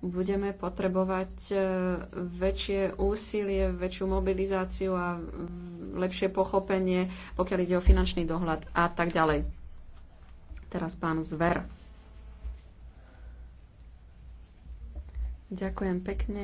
budeme potrebovať e, väčšie úsilie, väčšiu mobilizáciu a lepšie pochopenie, pokiaľ ide o finančný dohľad a tak ďalej. Teraz pán Zver. Ďakujem pekne.